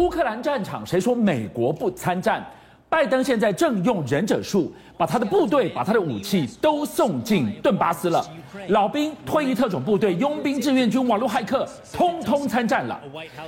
烏克蘭戰場，誰說美國不參戰？拜登現在正用忍者術，把他的部隊、把他的武器都送進頓巴斯了。老兵、退役特種部隊、傭兵、志願軍、網絡駭客，通通參戰了。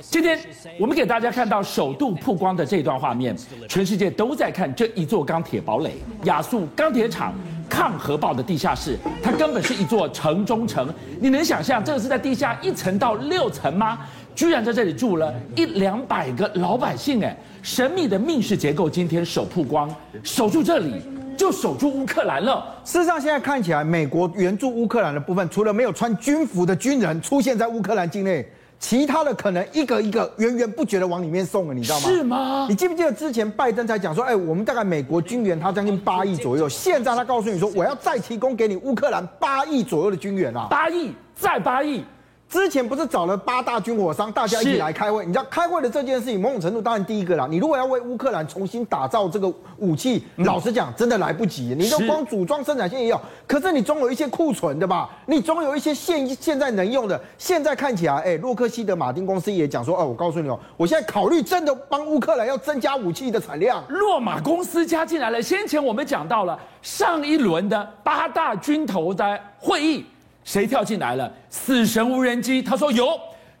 今天，我們給大家看到首度曝光的這段畫面，全世界都在看這一座鋼鐵堡壘——亞速鋼鐵廠抗核爆的地下室。它根本是一座城中城。你能想象這個是在地下一層到六層嗎？居然在這裡住了一兩百個老百姓哎！神秘的密室結構今天首曝光，守住這裡就守住烏克蘭了。事實上，現在看起來，美國援助烏克蘭的部分，除了沒有穿軍服的軍人出現在烏克蘭境內，其他的可能一個一個源源不絕的往裡面送了，你知道嗎？是嗎？你記不記得之前拜登才講說，哎，我們大概美國軍援他將近八億左右，現在他告訴你說，我要再提供給你烏克蘭八億左右的軍援啊，八億，再八億。之前不是找了八大軍火商，大家一起來開會。是你知道開會的這件事情，某種程度當然第一個啦。你如果要為烏克蘭重新打造這個武器，嗯、老實講，真的來不及。你都光組裝生產線也有，是，可是你總有一些庫存的吧？你總有一些現現在能用的。現在看起來，哎、欸，洛克希德馬丁公司也講說，哦，我告訴你哦，我現在考慮真的幫烏克蘭要增加武器的產量。洛馬公司加進來了。先前我們講到了上一輪的八大軍頭的會議。誰跳進來了？死神無人機，他說有。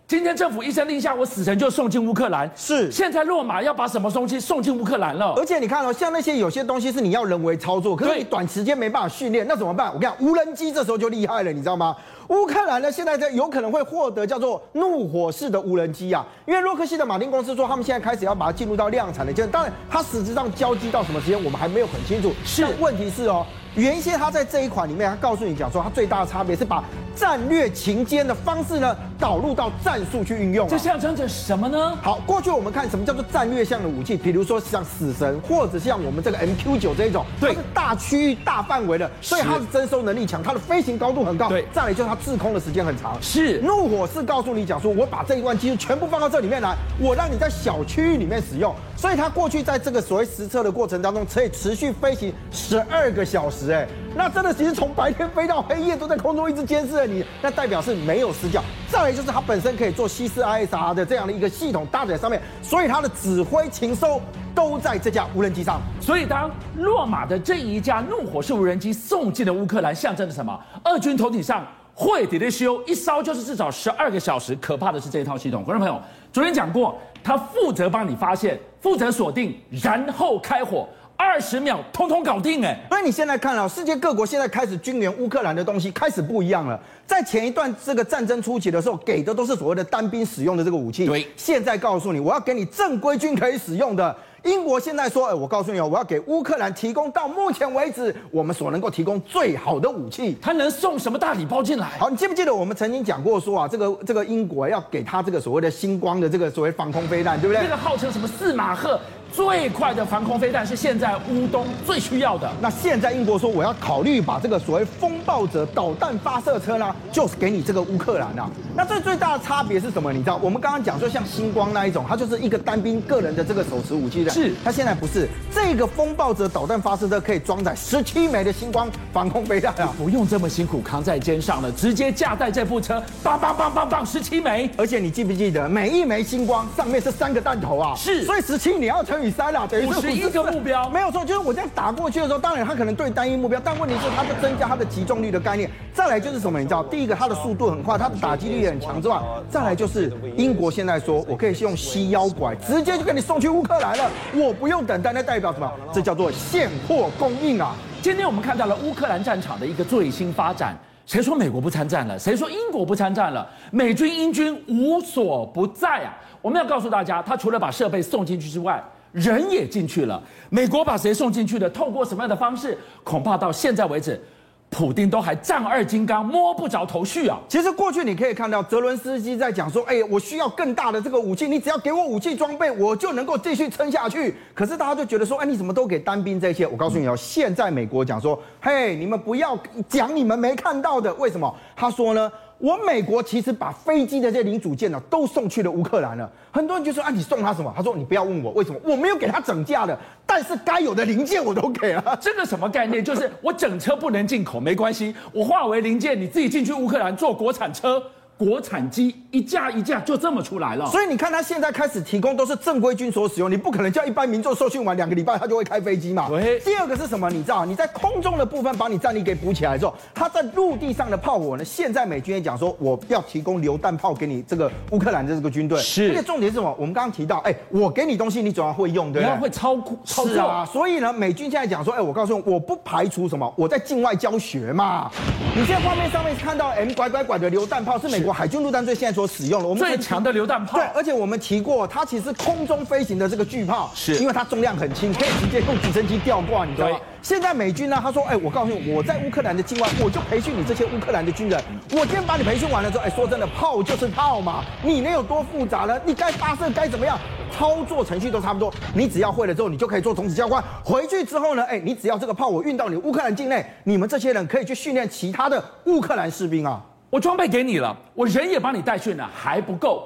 今天政府一聲令下，我死神就送進烏克蘭。是，現在洛馬要把什麼東西送進烏克蘭了？而且你看哦，像那些有些東西是你要人為操作，可是你短時間沒辦法訓練，對那怎麼辦？我跟你講，無人機這時候就厲害了，你知道嗎？烏克蘭呢，現在在有可能會獲得叫做怒火式的無人機啊，因為洛克希德馬丁公司說他們現在開始要把它進入到量產的階段。當然，它實質上交機到什麼時間我們還沒有很清楚。是，問題是哦。原先他在這一款裡面，他告訴你講說，他最大的差別是把戰略情監的方式呢，導入到戰術去運用，這象徵着什麼呢？好，過去我們看什麼叫做戰略性的武器，比如說像死神，或者像我們這個 M Q 九這一種，它是大區域、大範圍的，所以它的偵搜能力強，它的飛行高度很高。對，再來就是它滯空的時間很長。是，怒火是告訴你講說，我把這一關技術全部放到這裡面來，我讓你在小區域裡面使用，所以它過去在這個所謂實測的過程當中，可以持續飛行十二個小時。哎，那真的其實從白天飛到黑夜都在空中一直監視着你，那代表是沒有死角。再來就是它本身可以做 C4ISR 的這樣的一個系統搭載上面，所以它的指揮、情搜都在這架無人機上。所以當洛馬的這一架怒火式無人機送進了烏克蘭，象徵着什麼？俄軍頭頂上會 d r 修一燒就是至少十二個小時。可怕的是這一套系統，觀眾朋友昨天講過，他負責幫你發現、負責鎖定，然後開火。二十秒，通通搞定哎、欸！所以你現在看啊，世界各國現在開始軍援烏克蘭的東西開始不一樣了。在前一段這個戰爭初期的時候，給的都是所謂的單兵使用的這個武器。對，現在告訴你，我要給你正規軍可以使用的。英國現在說，哎、欸，我告訴你啊，我要給烏克蘭提供到目前為止我們所能夠提供最好的武器。他能送什麼大禮包進來？好，你記不記得我們曾經講過說啊，這個這個英國要給他這個所謂的“星光”的這個所謂防空飛彈，對不對？這個號稱什麼四馬赫？最快的防空飛彈是現在烏東最需要的。那現在英國說我要考慮把這個所謂風暴者導彈發射車呢，就是給你這個烏克蘭的。那這最、最大的差別是什麼？你知道，我們剛剛講說像星光那一種，它就是一個單兵個人的這個手持武器。是，它現在不是這個風暴者導彈發射車可以裝載十七枚的星光防空飛彈啊，不用這麼辛苦扛在肩上了，直接架在這部車，砰砰砰砰砰，十七枚。而且你記不記得，每一枚星光上面是三個彈頭啊？是，所以十七你要等於三了，等於五十一個目標，沒有錯。就是我這樣打過去的時候，當然他可能對單一目標，但問題是，它的增加它的集中率的概念。再來就是什麼，你知道，第一個它的速度很快，它的打擊力也很強，之外，再來就是英國現在說我可以用吸妖拐，直接就給你送去烏克蘭了，我不用等待。那代表什麼？這叫做現貨供應啊！今天我們看到了烏克蘭戰場的一個最新發展。誰說美國不參戰了？誰說英國不參戰了？美軍、英軍無所不在啊！我們要告訴大家，他除了把設備送進去之外，人也進去了，美國把誰送進去的？透過什麼樣的方式？恐怕到現在為止，普丁都還丈二金剛摸不着頭緒啊。其實過去你可以看到，澤倫斯基在講說：“哎，我需要更大的這個武器，你只要給我武器裝備，我就能夠繼續撐下去。”可是大家就覺得說：“哎，你怎麼都給單兵這些？”我告訴你哦，現在美國講說：“嘿，你們不要講你們沒看到的，為什麼？”他說呢？我美國其實把飛機的這些零組件呢、啊，都送去了烏克蘭了。很多人就說：啊，你送他什麼？他說：你不要問我為什麼，我沒有給他整架的，但是該有的零件，我都給了、啊。這個什麼概念？就是我整車不能進口，沒關係，我化為零件，你自己進去烏克蘭做國產車。國產機一架一架就這麼出來了，所以你看他現在開始提供都是正規軍所使用，你不可能叫一般民眾受訓完兩個禮拜他就會開飛機嘛。第二個是什麼？你知道你在空中的部分把你戰力給補起來之後，他在陸地上的炮火呢？現在美軍也講說我要提供榴彈炮給你這個烏克蘭這個軍隊。是。而且重點是什麼？我們剛剛提到，哎，我給你東西，你總要會用對吧？你要會操控。是啊。所以呢，美軍現在講說，哎，我告訴你，我不排除什麼，我在境外教學嘛。你現在畫面上面看到 M 拐拐拐的榴彈炮是美。我海軍陸戰隊現在所使用了，我們最強的榴彈炮。對，而且我們提過，它其實空中飛行的這個巨炮，是因為它重量很輕，可以直接用直升機吊掛，你知道嗎？以現在美軍呢，他說：“哎、欸，我告訴你，我在烏克蘭的境外，我就培訓你這些烏克蘭的軍人。嗯、我今天把你培訓完了之後，哎、欸，說真的，炮就是炮嘛，你能有多複雜呢？你該發射該怎麼樣，操作程序都差不多，你只要會了之後，你就可以做種子教官。回去之後呢，哎、欸，你只要這個炮我運到你烏克蘭境內，你們這些人可以去訓練其他的烏克蘭士兵啊。”我裝備給你了，我人也幫你帶去了，還不夠。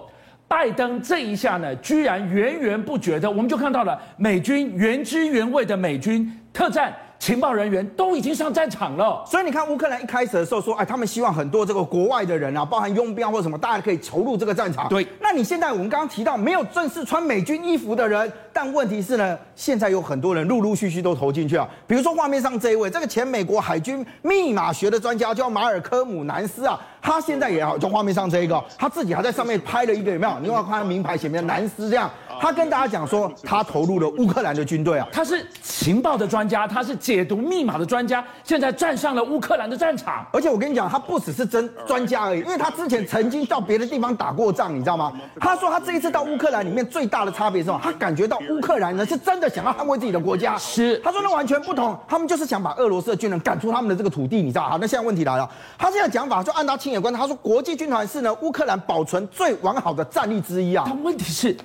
拜登這一下呢，居然源源不絕的，我們就看到了美軍原汁原味的美軍特戰情報人員都已經上戰場了。所以你看，烏克蘭一開始的時候說，哎，他們希望很多這個國外的人啊，包含傭兵啊或者什麼，大家可以投入這個戰場。對，那你現在我們剛剛提到沒有正式穿美軍衣服的人。但問題是呢，現在有很多人陸陸續續都投進去啊。比如說畫面上這一位，這個前美國海軍密碼學的專家叫馬爾科姆·南斯啊，他現在也好，就畫面上這一個，他自己還在上面拍了一個有沒有？你看他名牌前面南斯這樣，他跟大家講說他投入了烏克蘭的軍隊啊，他是情報的專家，他是解讀密碼的專家，現在站上了烏克蘭的戰場。而且我跟你講，他不只是真專家而已，因為他之前曾經到別的地方打過仗，你知道嗎？他說他這一次到烏克蘭裡面最大的差別是什麼？他感覺到。烏克蘭呢，是真的想要捍衛自己的國家，是他說那完全不同，他們就是想把俄羅斯的軍人趕出他們的這個土地，你知道。好，那現在問題來了，他現在講法就按照親眼觀察，他說國際軍團是呢烏克蘭保存最完好的戰力之一啊。但問題是，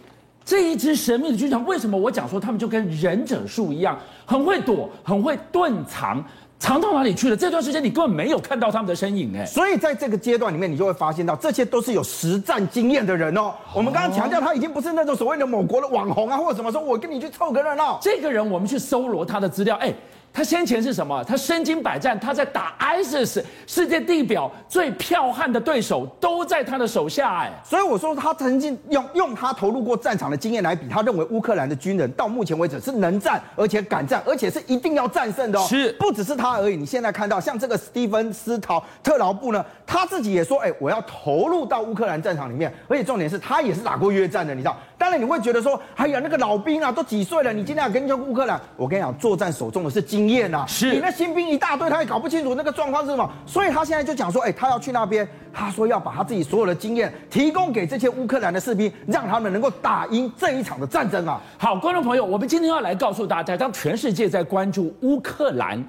這一支神秘的軍團為什麼我講說他們就跟忍者術一樣，很會躲，很會遁藏？藏到哪裡去了？這段時間你根本沒有看到他們的身影哎、欸，所以在這個階段裡面，你就會發現到這些都是有實戰經驗的人哦。我們剛剛強調，他已經不是那種所謂的某國的網紅啊，或者什麼說，我跟你去湊個熱鬧。這個人，我們去搜羅他的資料哎。誒他先前是什麼？他身經百戰，他在打 ISIS，IS, 世界地表最剽悍的對手都在他的手下、欸。哎，所以我說他曾經用用他投入過戰場的經驗來比，他認為烏克蘭的軍人到目前為止是能戰，而且敢戰，而且是一定要戰勝的、喔。是，不只是他而已。你現在看到像這個斯蒂芬斯陶特勞布呢，他自己也說：“哎、欸，我要投入到烏克蘭戰場裡面。”而且重點是他也是打過越戰的，你知道。當然你會覺得說：“哎呀，那個老兵啊，都幾歲了，你今天要跟着烏克蘭？”我跟你講，作戰手中的是經驗。經驗吶，是你那新兵一大堆，他也搞不清楚那個狀況是什麼，所以他現在就講說，哎，他要去那邊，他說要把他自己所有的經驗提供給這些烏克蘭的士兵，讓他們能夠打贏這一場的戰爭啊！好，觀眾朋友，我們今天要來告訴大家，當全世界在關注烏克蘭。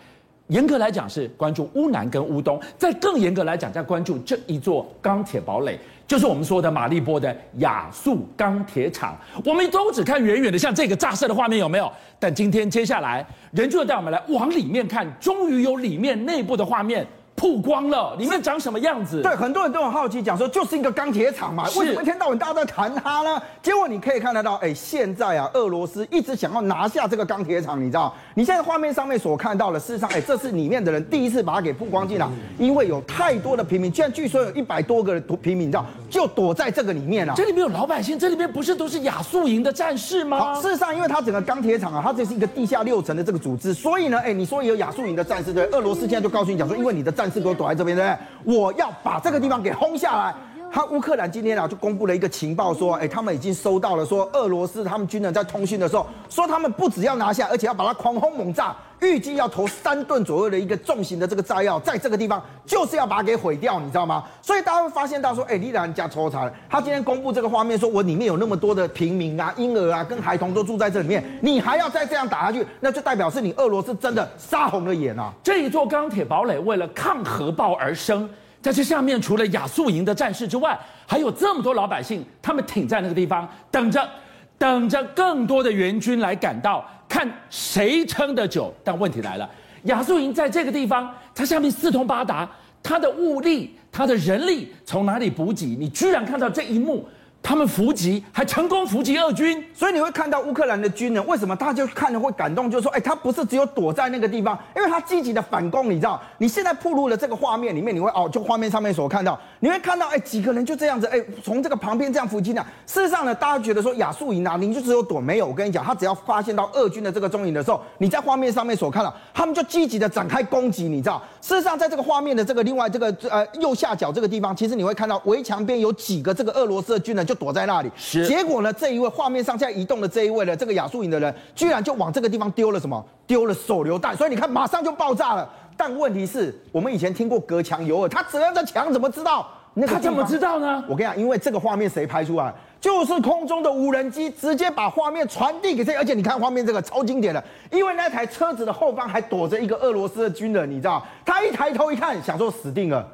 嚴格來講是關注烏南跟烏東，再更嚴格來講再關注這一座鋼鐵堡壘，就是我們說的馬利波的亞速鋼鐵廠。我們都只看遠遠的，像這個炸色的畫面有沒有？但今天接下來，人就帶我們來往裡面看，終於有裡面內部的畫面曝光了，裡面長什麼樣子？對，很多人都很好奇，講說就是一個鋼鐵廠嘛，為什麼一天到晚大家都在談它呢？結果你可以看得到，哎，現在啊，俄羅斯一直想要拿下這個鋼鐵廠，你知道嗎？你現在畫面上面所看到的，事實上，哎，這是裡面的人第一次把它給曝光進來，因為有太多的平民，居然據說有一百多個的平民，你知道。就躲在這個裡面了。這裡面有老百姓，這裡面不是都是亞速營的戰士嗎？事實上，因為它整個鋼鐵廠啊，它這是一個地下六層的這個組織，所以呢，哎，你說有亞速營的戰士對不對？俄羅斯現在就告訴你講說，因為你的戰士都躲在這邊對不對？我要把這個地方給轟下來。他烏克蘭今天啊，就公布了一個情報，說，誒、哎，他們已經收到了，說俄羅斯他們軍人在通訊的時候，說他們不只要拿下，而且要把它狂轟猛炸，預計要投三噸左右的一個重型的這個炸藥，在這個地方，就是要把它給毀掉，你知道嗎？所以大家會發現到說，誒烏克蘭抽查了，他今天公布這個畫面說，說我裡面有那麼多的平民啊、嬰兒啊、跟孩童都住在這裡面，你還要再這樣打下去，那就代表是你俄羅斯真的殺紅了眼啊！這一座鋼鐵堡壘為了抗核爆而生。在這下面，除了亞速營的戰士之外，還有這麼多老百姓，他們挺在那個地方，等着，等着更多的援軍來趕到，看誰撐得久。但問題來了，亞速營在這個地方，它下面四通八達，它的物力、它的人力從哪裡補給？你居然看到這一幕。他們伏擊還成功伏擊俄軍，所以你會看到烏克蘭的軍人為什麼大家看了會感動，就是說，哎，他不是只有躲在那個地方，因為他積極的反攻，你知道？你現在鋪入了這個畫面裡面，你會哦，就畫面上面所看到，你會看到，哎，幾個人就這樣子，哎，從這個旁邊這樣伏擊呢、啊。事實上呢，大家覺得說亞速營啊，你就只有躲，沒有。我跟你講，他只要發現到俄軍的這個蹤影的時候，你在畫面上面所看到，他們就積極的展開攻擊，你知道？事實上，在這個畫面的這個另外這個呃右下角這個地方，其實你會看到圍牆邊有幾個這個俄羅斯的軍人就。躲在那裡，是結果呢？這一位畫面上在移動的這一位呢，這個亞速營的人居然就往這個地方丟了什麼？丟了手榴彈，所以你看，馬上就爆炸了。但問題是，我們以前聽過隔牆有耳，他只要在牆怎麼知道那？那他怎麼知道呢？我跟你講，因為這個畫面誰拍出來？就是空中的無人機直接把畫面傳遞給這。而且你看畫面，這個超經典的，因為那台車子的後方還躲着一個俄羅斯的軍人，你知道？他一抬頭一看，想說死定了。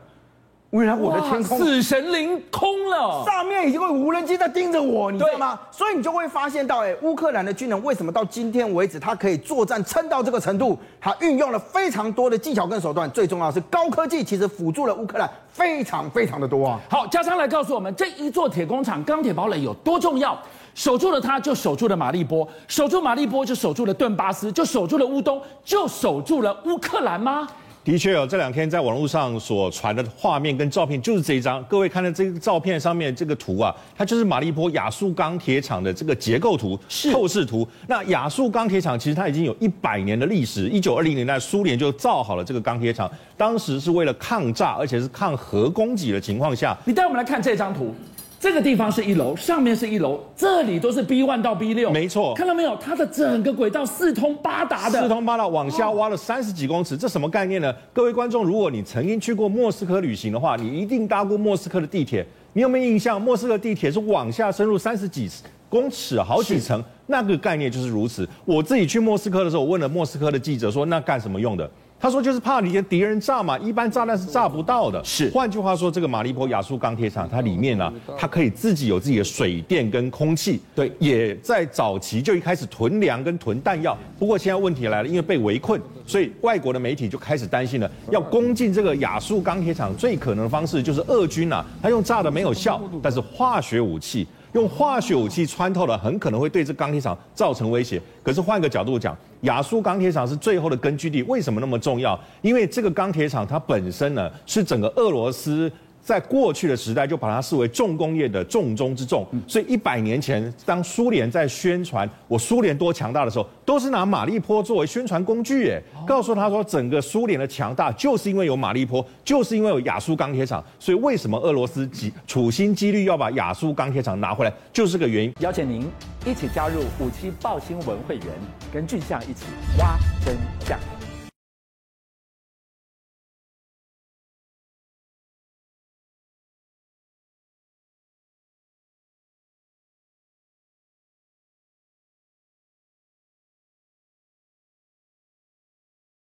未來我的天空，死神臨空了，上面已經有無人機在盯着我，你知道嗎？對所以你就會發現到，誒烏克蘭的軍人為什麼到今天為止他可以作戰撐到這個程度？他運用了非常多的技巧跟手段，最重要的是高科技，其實輔助了烏克蘭非常非常的多啊。好，佳璋來告訴我們這一座鐵工廠、鋼鐵堡壘有多重要？守住了它，就守住了馬利波；守住馬利波，就守住了頓巴斯；就守住了烏東；就守住了烏克蘭嗎？的確哦，這兩天在網絡上所傳的畫面跟照片就是這一張。各位看到這個照片上面這個圖啊，它就是馬利波亞速鋼鐵,鐵廠的這個結構圖、是透視圖。那亞速鋼鐵廠其實它已經有一百年的歷史，一九二零年代蘇聯就造好了這個鋼鐵廠，當時是為了抗炸，而且是抗核攻擊的情況下。你帶我們來看這張圖。這個地方是一樓，上面是一樓，這裡都是 B one 到 B 六。沒錯，看到沒有？它的整個軌道四通八達的，四通八達往下挖了三十幾公尺，這什麼概念呢？各位觀眾，如果你曾經去過莫斯科旅行的話，你一定搭過莫斯科的地鐵，你有沒有印象？莫斯科地鐵是往下深入三十幾公尺、好幾層，是那個概念就是如此。我自己去莫斯科的時候，我問了莫斯科的記者說：“那幹什麼用的？”他說：“就是怕你的敵人炸嘛，一般炸彈是炸不到的。是，換句話說，這個馬利波亞速鋼鐵廠，它裡面呢、啊，它可以自己有自己的水電跟空氣。對，也在早期就一開始囤糧跟囤彈藥。不過現在問題來了，因為被圍困，所以外國的媒體就開始擔心了，要攻進這個亞速鋼鐵廠，最可能的方式就是俄軍吶、啊，他用炸的沒有效，但是化學武器。”用化學武器穿透了，很可能會對這鋼鐵廠造成威脅。可是換個角度講，亞速鋼鐵廠是最後的根據地，為什麼那麼重要？因為這個鋼鐵廠它本身呢，是整個俄羅斯。在過去的時代，就把它視為重工業的重中之重。所以一百年前，當蘇聯在宣傳我蘇聯多強大的時候，都是拿馬利波作為宣傳工具，哎，告訴他說整個蘇聯的強大就是因為有馬利波，就是因為有亞速鋼鐵廠。所以為什麼俄羅斯處心積慮要把亞速鋼鐵廠拿回來，就是個原因。邀請您一起加入五七爆新聞會員，跟俊相一起挖真相。